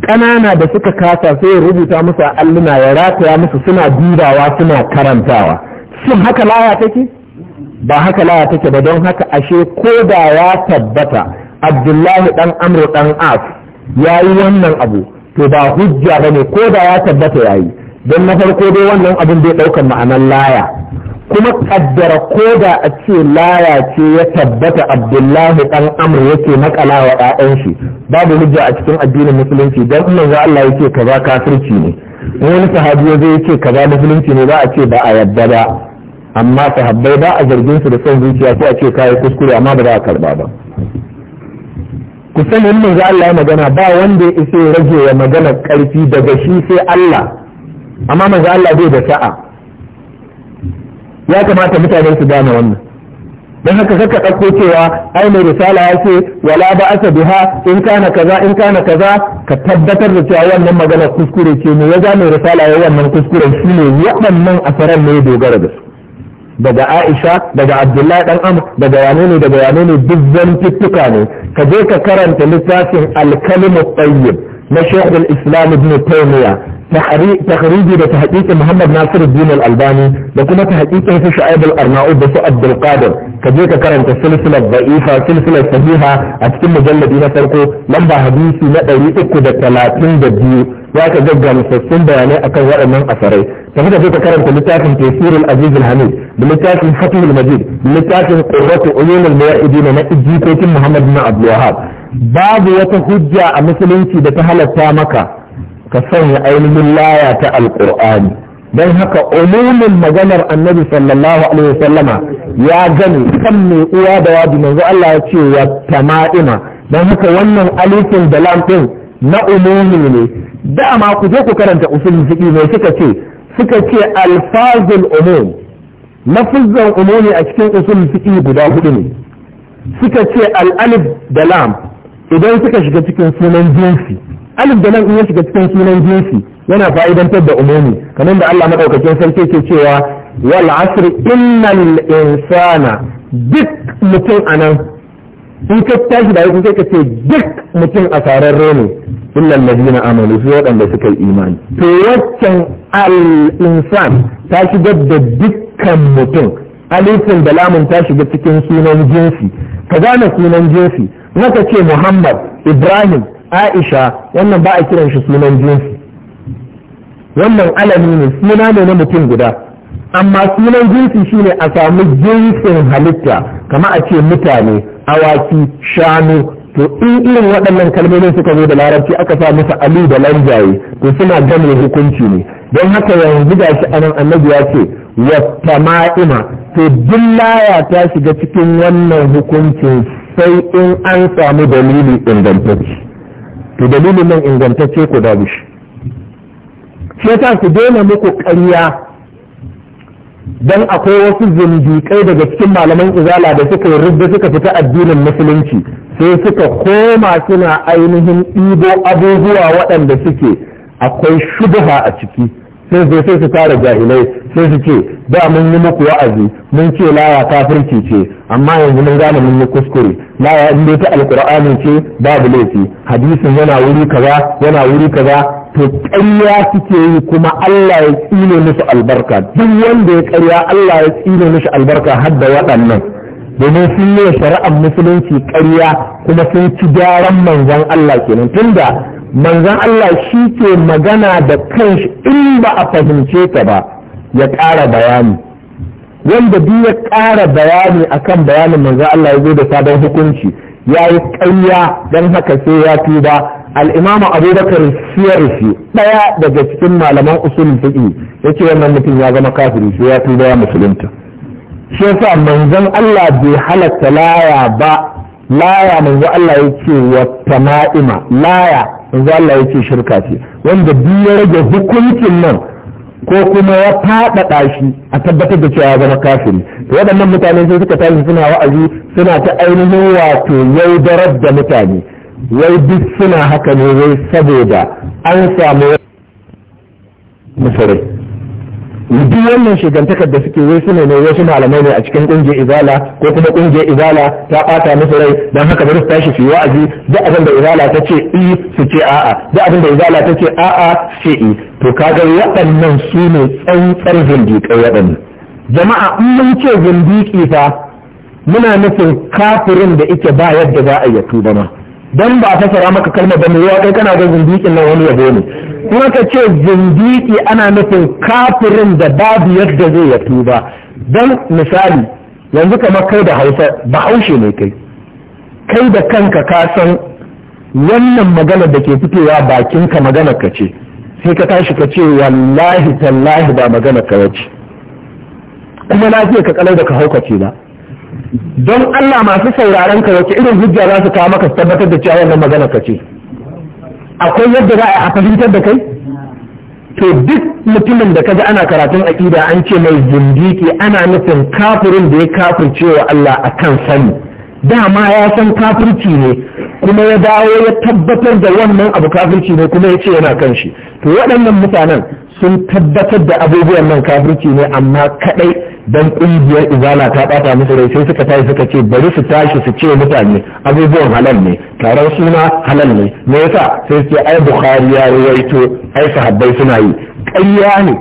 ƙanana da suka kasa sai ya rubuta musu a alluna ya rataya musu suna dubawa suna karantawa shin haka laya take ba haka laya take ba don haka ashe ko da ya tabbata abdullahi ɗan amru dan as ya yi wannan abu to ba hujja ba ne ko da ya tabbata ya yi don na farko dai wannan abin bai ɗaukar ma'anar laya kuma kaddara da a ce laya ce ya tabbata abdullahi dan amr yake makala wa ɗayan shi babu hujja a cikin addinin musulunci don dan manzo Allah yake kaza kafirci ne wani sahabi zai yake kaza musulunci ne za a ce ba a yadda ba amma sahabbai ba a zargin su da son zuciya ko a ce kai kuskure amma ba za a karba ba ku sani manzo Allah ya magana ba wanda ya isa ya rage wa magana karfi daga shi sai Allah amma manzo Allah bai da sa'a ya kamata mutane su gane wannan don haka kaka ɗauko cewa ai mai risala ya ce wala ba asa biha in kana kaza in kana kaza ka tabbatar da cewa wannan magana kuskure ce ne ya mai risala ya wannan kuskuren shi ne waɗannan asaran ne dogara da su daga Aisha daga Abdullahi dan Amr daga yane ne daga yane ne duk zantuttuka ne ka je ka karanta littafin al-kalimu tayyib لشيخ الاسلام ابن تيميه تحريك تخريجي لتحقيق محمد ناصر الدين الالباني لكم تحقيق في شعيب الارناؤوط بسو عبد القادر كجيك كرم السلسلة الضعيفة سلسلة صحيحة اتكم مجلد هنا فرقو لمبا حديثي نقري يؤكد دا تلاتين دا ديو واكا جبجا مستسلم بياني اكو من اثري فهذا جيك كرم تلتاكم تيسير العزيز الحميد بلتاكم فتح المجيد بلتاكم قرات عيون الموحدين ونقجيكم محمد بن عبد الوهاب babu wata hujja a musulunci da ta halatta maka ka sanya ainihin laya ta alkur'ani don haka umumin maganar annabi sallallahu alaihi wasallama ya gani kan mai uwa da wajen yanzu. Allah ya ce ya tama'ina don haka wannan alifin da lam din na umumi ne dama ku je ku karanta usul fiqi ne suka ce suka ce alfazul umum lafzan umumi a cikin usul fiqi guda hudu ne suka ce al da lam idan suka shiga cikin sunan jinsi alif da nan in ya shiga cikin sunan jinsi yana fa'idantar da umumi kamar da Allah madaukakin sarki ke cewa wal asr innal insana duk mutum anan in ka tashi da yau ka ce duk mutum a sararre ne illa alladhina amanu su waɗanda suka yi imani to waccan al insan ta shigar da dukkan mutum alifin da lamun ta shiga cikin sunan jinsi ka gane sunan jinsi naka ce muhammad ibrahim aisha wannan ba a kiran shi sunan jinsi wannan alami ne suna ne na mutum guda amma sunan jinsi shine a samu jinsin halitta kama a ce mutane awaki shanu to in irin waɗannan kalmomin suka zo da larabci aka sa musu alu da lanjaye to suna gane hukunci ne don haka yanzu ga shi anan annabi ya ce wa tama'ima to dun laya ta shiga cikin wannan hukuncin sai in an samu dalili ingantacce to dalilin nan ingantacce ku da shi shi ta ku daina muku ƙarya dan akwai wasu zindiƙai daga cikin malaman izala da suka yi rubda suka fita addinin musulunci sai suka koma suna ainihin ɗibo abubuwa waɗanda suke akwai shubha a ciki sai zai sai su fara jahilai sai su ce da mun yi muku wa'azi mun ce laya kafirci ce amma yanzu mun gane mun yi kuskure laya in dai ta alqur'ani ce babu laifi hadisin yana wuri kaza yana wuri kaza to ƙarya suke yi kuma Allah ya tsine musu albarka duk wanda ya ƙarya Allah ya tsine musu albarka har da waɗannan domin sun yi shari'ar musulunci ƙarya kuma sun ci gyaran manzon Allah kenan tunda manzon Allah shi ke magana da kanshi in ba a fahimce ta ba ya ƙara bayani wanda duk ya ƙara bayani akan bayanin manzo Allah ya zo da sabon hukunci ya yi ƙarya don haka sai ya tuba al'imamu abubakar shi ɗaya daga cikin malaman usulun fiƙi ya ce wannan mutum ya zama kafiri sai ya tuba ya musulunta shi yasa manzon Allah bai halatta laya ba laya manzo Allah ya ce wata tama'ima laya manzo Allah ya ce shirka ce wanda duk ya rage hukuncin nan ko kuma ya faɗaɗa shi a tabbatar da cewa zama kafiri to waɗannan mutane sai suka tashi suna wa'azi suna ta ainihin wato yaudarar da mutane wai duk suna haka ne wai saboda an samu musulai duk wannan shigantakar da suke wai suna ne wasu malamai ne a cikin kungiyar izala ko kuma kungiyar izala ta bata musu rai don haka bari su tashi su yi wa'azi duk abin da izala ta ce i su ce a'a duk abin da izala ta ce a'a su ce i to kaga waɗannan su ne tsantsar zindiƙai waɗannan jama'a in mun ce zindiƙi fa muna nufin kafirin da ike ba yadda za a yi tuba ma dan ba a fasara maka kalmar ba mai kai kana ga zindiki na wani yabo ne Kuma ka ce zindiki ana nufin kafirin da babu yadda zai ya tuba dan misali yanzu kamar kai da hausa ba haushe ne kai kai da kanka ka san wannan magana da ke fitowa bakin ka magana ka ce sai ka tashi ka ce wallahi tallahi ba magana ka wace kuma na ka kalai da ka haukace ba don Allah masu sauraron ka wace irin hujja za su kawo maka tabbatar da cewa wannan magana ka ce akwai yadda za a fahimtar da kai to duk mutumin da kaji ana karatun aƙida an ce mai zindiki ana nufin kafirin da ya kafirce wa Allah akan sani dama ya san kafirci ne kuma ya dawo ya tabbatar da wannan abu kafirci ne kuma ya ce yana kan shi to waɗannan mutanen sun tabbatar da abubuwan nan kafirci ne amma kaɗai dan kungiyar izala ta bata musu rai sai suka tashi suka ce bari su tashi su ce mutane abubuwan halal ne taron suna halal ne me yasa sai su ce ai bukhari ya ruwaito ai sahabbai suna yi ƙarya ne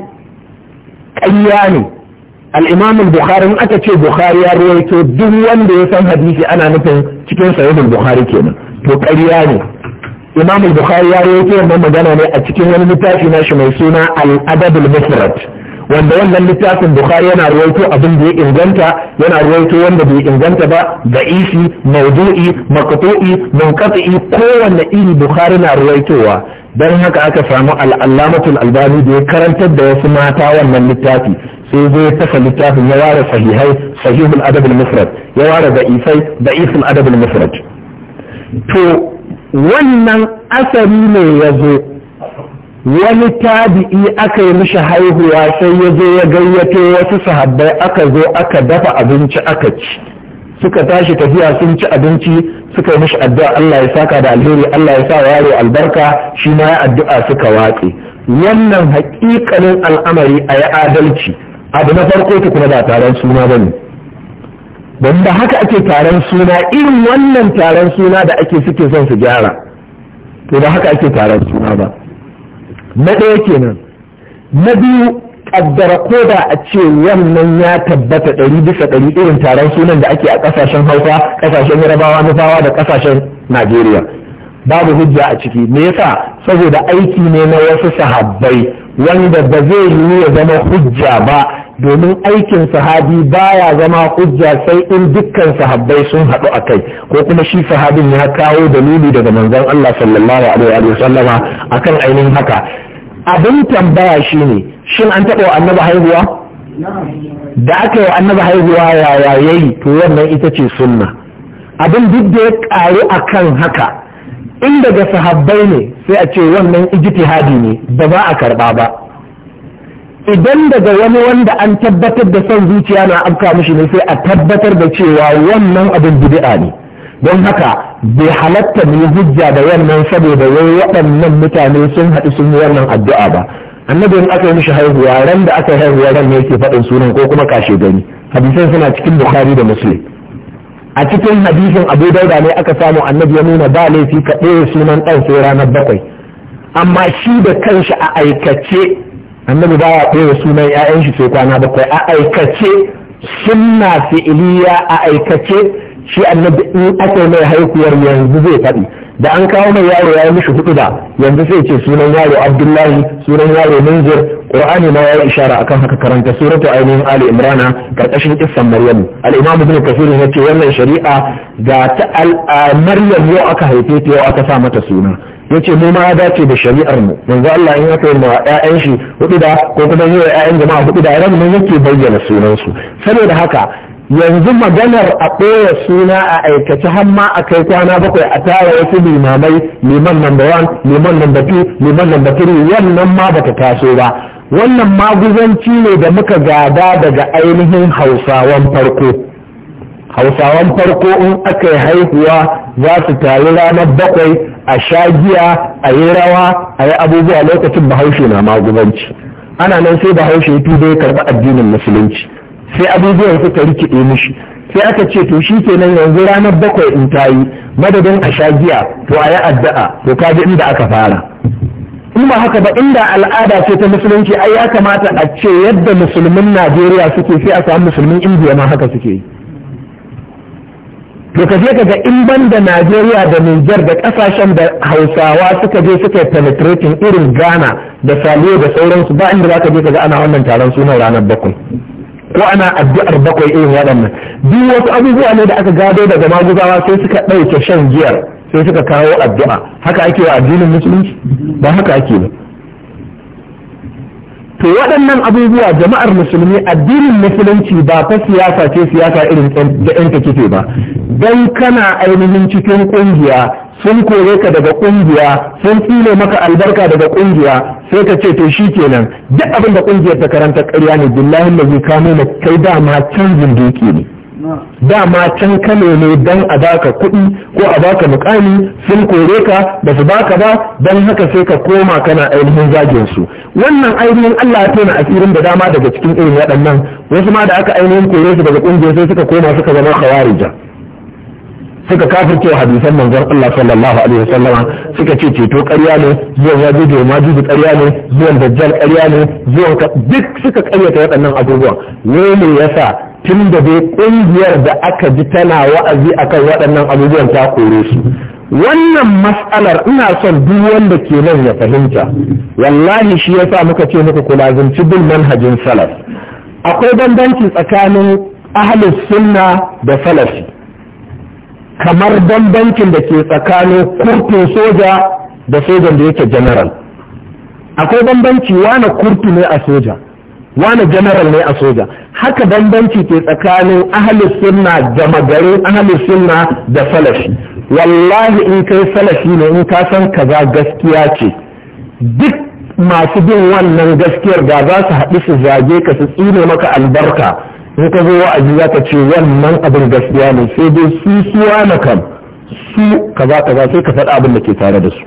ƙarya ne al-imam al-bukhari in aka ce bukhari ya ruwaito duk wanda ya san hadisi ana nufin cikin sahihul bukhari kenan to ƙarya ne imam al-bukhari ya ruwaito wannan magana ne a cikin wani littafi na shi mai suna al-adab al-mufrad wanda wannan littafin bukhari yana ruwaito abin da ya inganta yana ruwaito wanda bai inganta ba isi maudu'i maqtu'i munqati kowanne iri bukhari na ruwaitowa dan haka aka samu al'allamatul albani da ya karantar da wasu mata wannan littafi sai zai tafa littafin ya ware sahihai sahihul adab al-mufrad ya ware da'ifai da'iful adab al-mufrad to wannan asali ne ya zo wani tabi'i aka yi mishi haihuwa sai ya zo ya gayyato wasu sahabbai aka zo aka dafa abinci aka ci suka tashi tafiya sun ci abinci suka yi mishi addu'a Allah ya saka da alheri Allah ya sa yaro albarka shi ma ya addu'a suka watse wannan haƙiƙanin al'amari a yi adalci abu na farko ta kuma ba taron suna bane don da haka ake taron suna irin wannan taron suna da ake suke son su gyara to da haka ake taron suna ba na ɗaya kenan na biyu kaddara ko da a ce wannan ya tabbata ɗari bisa ɗari irin taron sunan da ake a ƙasashen hausa ƙasashen yarabawa nufawa da ƙasashen najeriya babu hujja a ciki me yasa saboda aiki ne na wasu sahabbai wanda ba zai yi ya zama hujja ba domin aikin sahabi baya zama hujja sai in dukkan sahabbai sun haɗu a kai ko kuma shi sahabin ya kawo dalili daga manzon Allah sallallahu alaihi wa sallama akan ainihin haka abin tambaya shi ne shin an taɓa wa annaba haihuwa da aka yi wa annaba haihuwa yaya yayi to wannan ita ce sunna abin duk da ya ƙaru akan haka in daga sahabbai ne sai a ce wannan ijtihadi ne ba a karɓa ba idan daga wani wanda an tabbatar da son zuciya na afka mishi ne sai a tabbatar da cewa wannan abin bid'a ne don haka bai halatta mu hujja da wannan saboda wai waɗannan mutane sun haɗu sun yi wannan addu'a ba annabi in aka yi mishi haihuwa ran da aka haihuwa ran ne yake faɗin sunan ko kuma kashe gani hadisan suna cikin bukhari da muslim a cikin hadisin abu dauda ne aka samu annabi ya nuna ba laifi ka ɗaya sunan ɗan sai ranar bakwai amma shi da kanshi a aikace annabi ba ya ɗaya sunan 'ya'yan shi sai kwana bakwai a aikace sunna fi'iliya a aikace shi annabi in aka mai haihuwar yanzu zai faɗi da an kawo mai yaro ya yi mishi hudu da yanzu sai ce sunan yaro abdullahi sunan yaro munzir qur'ani ma ya yi ishara akan haka karanta suratu ainihin ali imrana karkashin kissan maryam al-imam ibn kasir ya ce wannan shari'a ga ta maryam yau aka haife ta yau aka sa mata suna yace mu ma ya dace da shari'ar mu yanzu Allah in aka yi ma ƴaƴan shi hudu da ko kuma yi ƴaƴan jama'a hudu da ran mun yake bayyana sunan su saboda haka yanzu maganar a ɓoye suna a aikace hamma a kai kwana bakwai a tara wasu limamai liman number one liman number two liman number three wannan ma bata taso ba wannan maguzanci ne da muka gada daga ainihin hausawan farko hausawan farko in aka yi haihuwa za su taru ranar bakwai a sha giya a yi rawa a yi abubuwa lokacin bahaushe na maguzanci ana nan sai bahaushe ya tuba ya karɓi addinin musulunci sai abubuwan suka rikide mishi sai aka ce to shi kenan yanzu ranar bakwai in ta yi madadin a sha giya to a yi addu'a to ka inda aka fara in ba haka ba inda al'ada ce ta musulunci ai ya kamata a ce yadda musulmin najeriya suke sai a samu musulmin indiya ma haka suke to ka je ka ga in ban da najeriya da niger da kasashen da hausawa suka je suka yi penetrating irin ghana da saliyo da sauransu ba inda za ka je ka ga ana wannan taron sunan ranar bakwai ko ana addu'ar bakwai irin waɗannan duk wasu abubuwa ne da aka gado daga maguzawa sai suka ɗauke shan giyar sai suka kawo addu'a haka ake wa addinin musulunci ba haka ake ba to waɗannan abubuwa jama'ar musulmi addinin musulunci ba ta siyasa ce siyasa irin da yan kike ba don kana ainihin cikin ƙungiya sun kore ka daga kungiya sun tsile maka albarka daga kungiya sai ka ce to shi kenan duk abin da kungiyar ta karanta ƙarya ne billahi da zai kamo na kai dama can ke ne dama can kano ne don a baka kuɗi ko a baka mukami sun kore ka ba su baka ba don haka sai ka koma kana ainihin zagin su wannan ainihin Allah ya tona asirin da dama daga cikin irin waɗannan wasu ma da aka ainihin kore su daga kungiyar sai suka koma suka zama khawarija suka kafirce wa hadisan manzon Allah sallallahu alaihi wasallama suka ce ceto ƙarya ne zuwan yajuju ma juju ƙarya ne zuwan dajjal ƙarya ne zuwan duk suka ƙaryata waɗannan abubuwan ne yasa tun da dai ƙungiyar da aka ji tana wa'azi a akan waɗannan abubuwan ta kore su wannan mas'alar ina son duk wanda ke nan ya fahimta wallahi shi yasa muka ce muka kula zunci bin manhajin salaf akwai bambanci tsakanin ahlus sunna da salafi kamar bambancin da ke tsakanin kurtun soja da sojan da yake general akwai bambanci wane kurtu ne a soja wane general ne a soja haka bambanci ke tsakanin ahalus sunna da garin ahalus sunna da salafi wallahi in kai salafi ne in ka san kaza gaskiya ce duk masu bin wannan gaskiyar da za su haɗu su zage ka su tsine maka albarka in ka zo wa'azi za ka ce wannan abin gaskiya ne sai dai su suwa na kam su kaza kaza sai ka faɗa abin da ke tare da su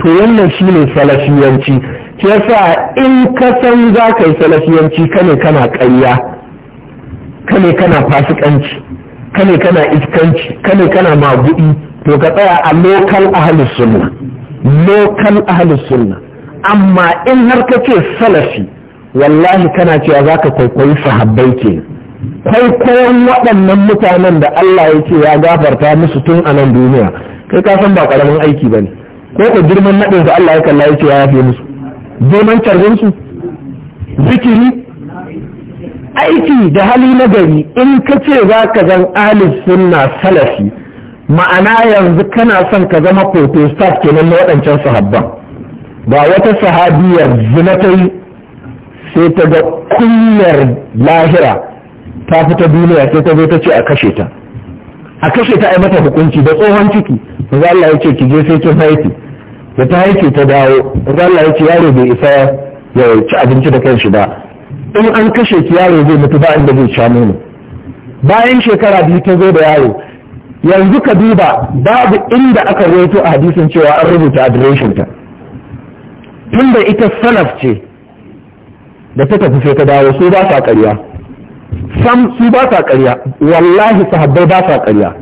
to wannan shi ne salafiyanci ke sa in ka san za ka yi salafiyanci kane kana ƙarya kane kana fasikanci kane kana iskanci kane kana magudi to ka tsaya a lokal ahalus sunna lokal ahalus sunna amma in har ka ce salafi wallahi kana cewa za ka kwaikwayi sahabbai ke kwaikwayon waɗannan mutanen da Allah ya ce ya gafarta musu tun a nan duniya kai ka san ba ƙaramin aiki ba ne ko ka girman naɗin da Allah ya kalla ya ce ya yafe musu girman carbin su zikiri aiki da hali na gari in ka ce za ka zan alif sunna salafi ma'ana yanzu kana son ka zama protestant kenan na waɗancan sahabban ba wata sahabiyar zina ta sai ta ga kunyar lahira ta fita duniya sai ta zo ta ce a kashe ta a kashe ta ai mata hukunci da tsohon ciki maza Allah ya ce ki je sai kin haifi da ta haifi ta dawo maza Allah ya ce yaro bai isa ya ci abinci da kanshi ba in an kashe ki yaro zai mutu ba inda zai sha nono bayan shekara biyu ta zo da yaro yanzu ka duba babu inda aka rawaito a hadisin cewa an rubuta adireshin ta tunda ita salaf ce da ta tafi sai ta dawo su ba sa ƙarya sam su ba sa ƙarya wallahi sahabbai ba sa ƙarya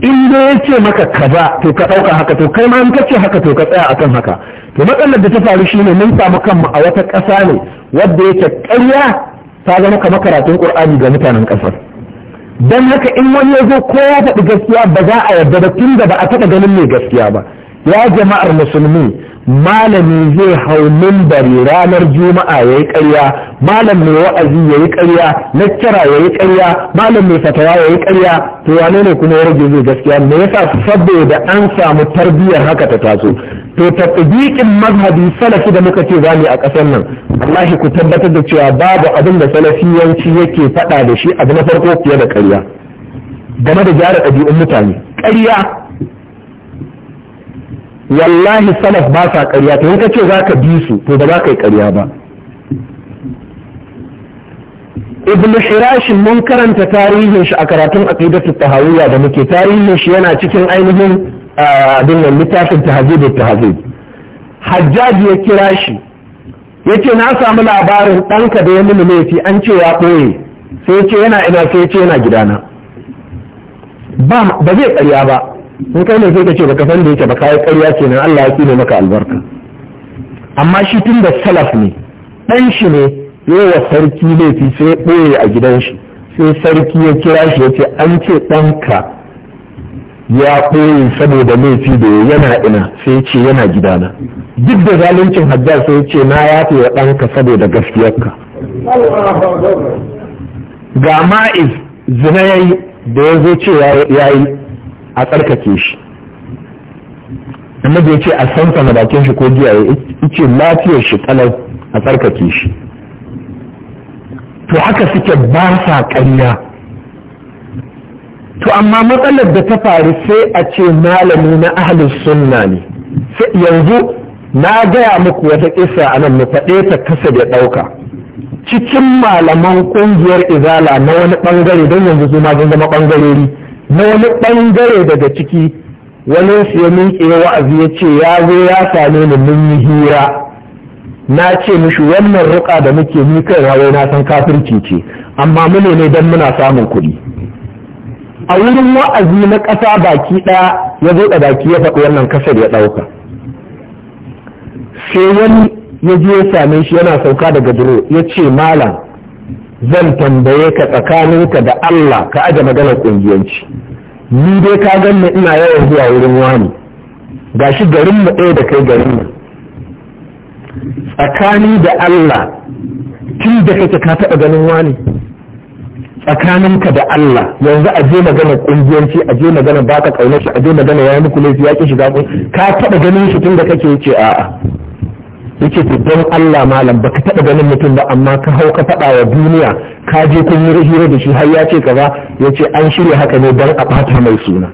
in ya ce maka kaza to ka ɗauka haka to kai ma in ka ce haka to ka tsaya akan haka to matsalar da ta faru shine mun samu kanmu a wata ƙasa ne wadda yake ƙarya ta zama kamar karatun ƙur'ani ga mutanen ƙasar don haka in wani ya zo ko ya faɗi gaskiya ba za a yarda ba tun da ba a taɓa ganin mai gaskiya ba ya jama'ar musulmi malami zai hau mimbari ranar juma'a ya yi karya malam mai wa'azi ya yi karya lakcara ya yi karya malam mai fatawa ya yi karya to wane ne kuma ya rage zai gaskiya me yasa saboda an samu tarbiyyar haka ta taso to tatbiqin mazhabi salafi da muka ce zamu a ƙasar nan wallahi ku tabbatar da cewa babu abin da salafiyanci yake faɗa da shi abu na farko fiye da karya game da gyara ɗabi'un mutane karya wallahi salaf ba sa ƙarya to in ka ce za ka bi su to ba za ka yi ƙarya ba ibn hirashin mun karanta tarihin shi a karatun aqidatu tahawiyya da muke tarihin shi yana cikin ainihin abin nan littafin ta tahazib Hajjaji ya kira shi yace na samu labarin ɗanka da ya mini laifi an ce ya ɓoye sai ce yana ina sai ce yana gidana ba ba zai ƙarya ba in kai ne sai ka ce baka san da yake ba kai ƙarya ce nan Allah ya kine maka albarka amma shi tun da salaf ne dan shi ne yau wa sarki laifi sai ya ɓoye a gidan shi sai sarki ya kira shi ya ce an ce ɗanka ya ɓoye saboda laifi da yana ina sai ya ce yana gidana duk da zaluncin hajjar sai ya ce na yafe wa ɗanka saboda gaskiyarka ga ma'iz zina ya yi da ya zo cewa ya yi a tsarkake shi annabi ya ce a sansa bakin shi ko giyaye ce lafiyar shi kalau a tsarkake shi to haka suke ba sa ƙarya to amma matsalar da ta faru sai a ce malami na ahli sunna ne yanzu na gaya muku wata kisa a nan mu faɗe ta kasa da ɗauka cikin malaman ƙungiyar izala na wani ɓangare don yanzu su ma zama ɓangarori na wani ɓangare daga ciki wani ya miƙe wa'azi ya ce ya zo ya same ni mun yi hira na ce mishi wannan ruƙa da muke ni kai rawai na san kafirci ce amma mu ne don muna samun kuɗi a wurin wa'azi na ƙasa baki ɗaya ya zo da baki ya faɗi wannan kasar ya ɗauka sai wani ya je ya same shi yana sauka daga duro ya ce malam zan tambaye ka tsakaninka da Allah ka aje maganar kungiyanci ni dai ka ganni ina yawan zuwa wurin wani gashi garin mu ɗaya da kai garin mu tsakani da Allah tun da kake ka taɓa ganin wani tsakaninka da Allah yanzu a je magana kungiyanci a je magana baka kaunar shi a je magana ya muku laifi ya ki shiga ka taɓa ganin shi tun da kake ce a'a yake to don Allah malam baka taba ganin mutum ba amma ka hau ka faɗa wa duniya ka je kun yi hira da shi har ya ce kaza yace an shirya haka ne don a bata mai suna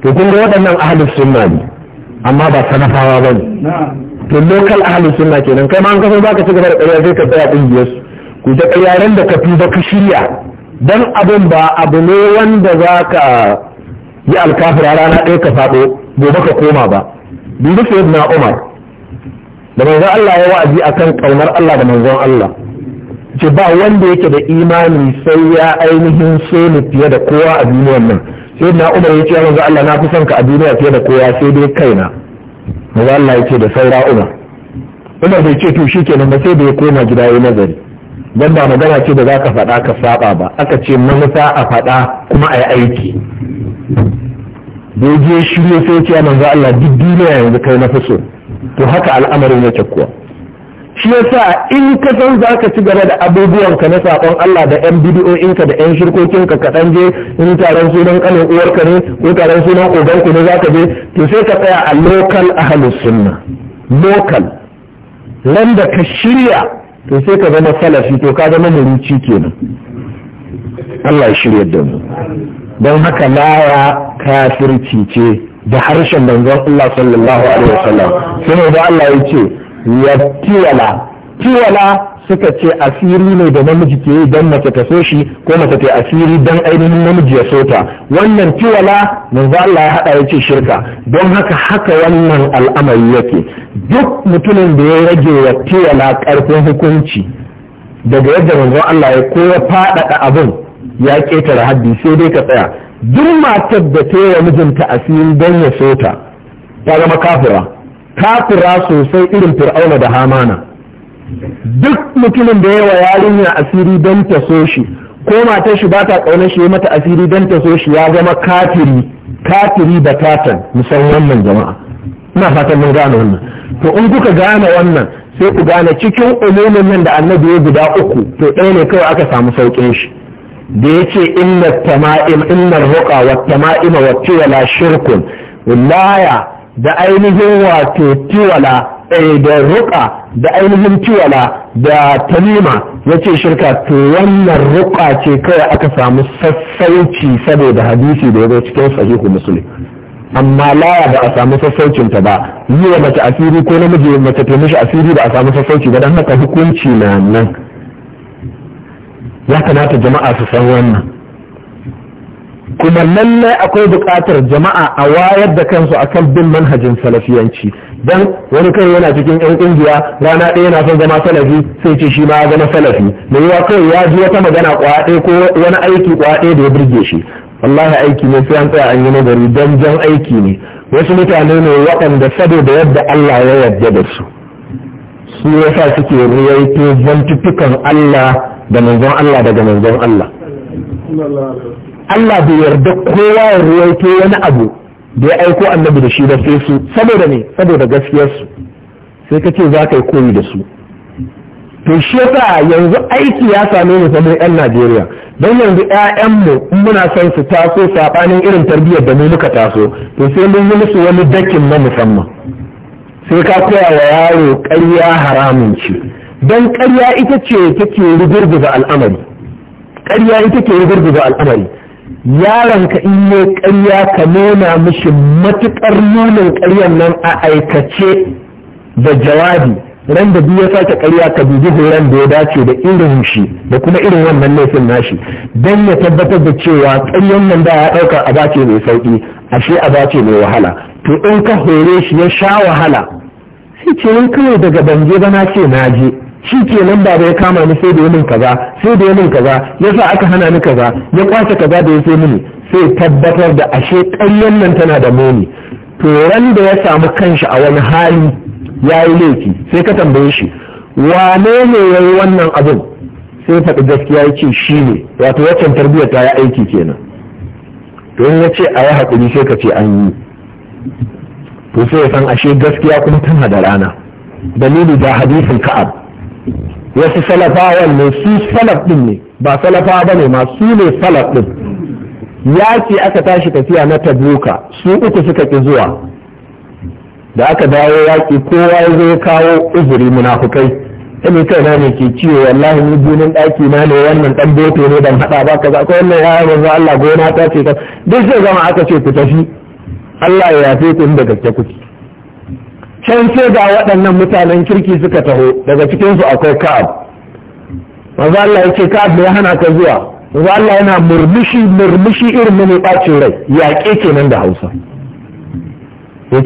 to kun ga waɗannan ahlus sunna ne amma ba sanafawa ba ne to lokal ahlus sunna kenan kai ma an kasan baka ci gaba da ɗaya zai ka tsaya ƙungiyar su ku da ƙaryaren da ka fi ba ka shirya dan abin ba abu ne wanda za ka yi alkafira rana ɗaya ka faɗo gobe ka koma ba dubi shi na umar da manzon Allah ya wa'azi akan kaunar Allah da manzon Allah ce ba wanda yake da imani sai ya ainihin so ne fiye da kowa a duniyar nan sai na umar ya ce ya manzon Allah na fi son ka a duniya fiye da kowa sai dai kaina manzon Allah ya ce da saura umar umar bai ce to shikenan ba sai da ya koma gida ya nazari dan ba magana ce da za ka faɗa ka saba ba aka ce manufa a faɗa kuma a yi aiki da ya je shirye sai ce za Allah duk duniya yanzu kai na faso to haka al'amarin yake kuwa shi yasa in ka san za ka ci gaba da abubuwan ka na sakon Allah da yan ka da yan shirkokin ka ka je in taron sunan kanin uwarka ne ko taron sunan oganku ne za ka je to sai ka tsaya a local ahlus sunna local nan da ka shirya to sai ka zama salafi to ka zama muruci kenan Allah ya shirya da mu don haka laya kafirci ce da harshen manzon Allah sallallahu alaihi wasallam saboda Allah ya ce ya tiwala tiwala suka ce asiri ne da namiji ke yi don mace ta so shi ko mace ta asiri don ainihin namiji ya so ta wannan tiwala manzo Allah ya hada ya ce shirka don haka haka wannan al'amari yake duk mutumin da ya rage wa tiwala karfin hukunci daga yadda manzon Allah ya ko ya faɗaɗa abin ya ketare haddi sai dai ka tsaya duk matar da ta yi wa mijinta asirin don ya so ta ta zama kafira kafira sosai irin fir'auna da hamana duk mutumin da ya wa yarinya asiri don ta so shi ko matar shi ba ta ƙaunar shi mata asiri don ta so shi ya zama kafiri kafiri da tatan, musamman jama'a ina fatan mun gane wannan to in kuka gane wannan sai ku gane cikin umumin nan da annabi ya guda uku to ɗaya ne kawai aka samu sauƙin shi da ya ce inna tama'im inna ruqa wa tama'ima wa tiwala shirkun Laya da ainihin wato tiwala eh, da ruqa da ainihin tiwala da tamima yace shirka to wannan ruqa ce kawai aka samu sassauci saboda hadisi da yazo cikin sahihu muslim amma laya ba a samu sassaucin ta ba yi wa mace asiri ko namiji mace ta mishi asiri ba a samu sassauci ba dan haka hukunci na nan ya kamata jama'a su san wannan kuma lallai akwai buƙatar jama'a a wayar da kansu a kan bin manhajin salafiyanci don wani kai yana cikin yan ƙungiya rana ɗaya yana son zama salafi sai ce shi ma ya zama salafi mai yiwa kai ya ji wata magana kwaɗe ko wani aiki kwaɗe da ya burge shi wallahi aiki ne sai an tsaya an yi nazari don jan aiki ne wasu mutane ne waɗanda saboda yadda Allah ya yarda da su su yasa suke ruwaito zantutukan Allah da manzon Allah daga manzon Allah Allah bai yarda kowa ya ruwaito wani abu da ya aiko annabi da shi da sai su saboda ne saboda gaskiyar su sai kace za ka yi koyi da su to shi yasa yanzu aiki ya same mu yan Najeriya don yanzu 'ya'yanmu in muna son su taso sabanin irin tarbiyyar da mu muka taso to sai mun yi musu wani dakin na musamman sai ka koya wa yaro ƙarya haramun ce don ƙarya ita ce take rugurguza al'amari ƙarya ita ke rugurguza al'amari yaronka in yi ƙarya ka nuna mishi matuƙar nunin ƙaryar nan a aikace da jawabi ran da biyu ya sake ƙarya ka dubi horon da ya dace da irin shi da kuma irin wannan laifin nashi don ya tabbatar da cewa ƙaryar nan da ya ɗauka a bace mai sauƙi ashe a bace mai wahala to in ka hore shi ya sha wahala sai ce wani kawai daga banje ba na ce na je shi ke nan baba ya kama ni sai da yi yamin kaza sai da yi yamin kaza ya sa aka hana ni kaza ya kwace kaza da ya sai mini sai tabbatar da ashe ƙaryen nan tana da muni to da ya samu kanshi a wani hali ya yi laifi sai ka tambaye shi wane ne ya yi wannan abin sai faɗi gaskiya ya ce shi ne wato waccan tarbiyyar ta yi aiki kenan to in ya ce a yi haƙuri sai ka ce an yi to sai ya san ashe gaskiya kuma tana da rana dalili da hadisin ka'ab wasu salafawan ne su salaf din ne ba salafa ba ne ma su ne salaf din ce aka tashi tafiya na tabuka su uku suka ƙi zuwa da aka dawo yaƙi kowa ya zo kawo uzuri munafukai kai na ne ke ciwo wallahi ni junin ɗaki na ne wannan ɗan boto ne dan haɗa ba kaza ko wannan ya manzo Allah gona ta ce ka duk zai zama aka ce ku tafi Allah ya yafe ku inda gaske kuke can sai ga waɗannan mutanen kirki suka taho daga cikinsu akwai ka'ab manzo Allah ce ka'ab ya hana ka zuwa manzo Allah yana murmushi murmushi irin mani ɓacin rai yaƙe kenan da Hausa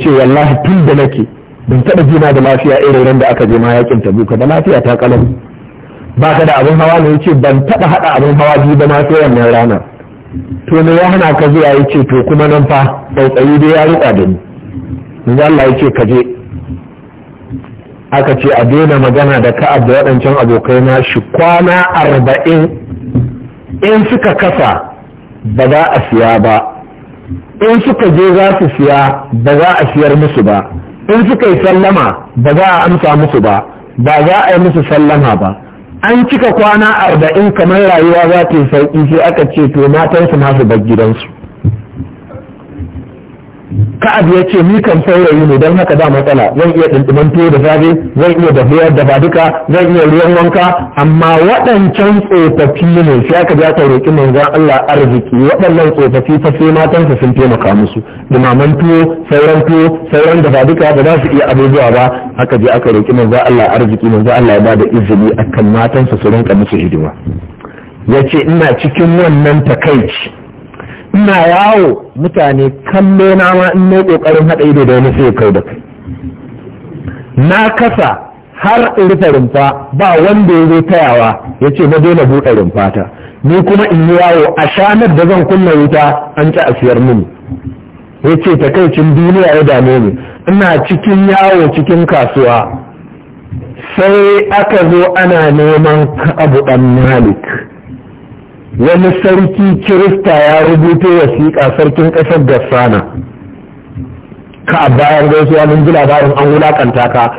ce wallahi tun da nake ban taɓa jina da lafiya irin nan da aka je ma yakin Tabuka da lafiya ta kalamu ba ka da abin hawa ne ya ce ban taɓa haɗa abin hawa biyu ba ma sai wannan rana. to ne ya hana ka zuwa yace to kuma nan fa tsautsayi dai ya riƙa da ni manzo Allah yace ka je aka ce a daina magana da ka'ab da waɗancan abokai na shi kwana arba'in in suka kasa ba za a siya ba in suka je za su siya ba za a siyar musu ba in suka yi sallama ba za a amsa musu ba ba za a yi musu sallama ba an cika kwana arba'in kamar rayuwa za ta yi sauƙi sai aka ce to matansu masu bar gidansu ka'ab ya ce ni kan saurayi ne don haka da matsala zan iya ɗinɗiman tuwo da safe zan iya dafiyar da duka zan iya ruwan wanka amma waɗancan tsofaffi ne sai aka ja ta roƙi manzon Allah arziki waɗannan tsofaffi fa sai matansa sun taimaka musu dumaman tuwo sauran tuwo sauran ba duka ba za su iya abubuwa ba aka je aka roƙi manzon Allah arziki manzon Allah ya ba da izini akan matansa su rinka musu hidima yace ina cikin wannan takaici ina yawo mutane kallo na ma in ne kokarin hada ido da wani sai kai da kai na kasa har in rufe rumfa ba wanda ya zo tayawa ya ce na dole buɗe rumfa ta ni kuma in yi yawo a shanar da zan kunna wuta an ci a siyar mini ya ce takaicin duniya ya dame ni ina cikin yawo cikin kasuwa sai aka zo ana neman abu ɗan malik wani sarki kirista ya rubuto wasiƙa sarkin ƙasar gassana ka a bayan gaisuwa mun ji labarin an wulaƙanta ka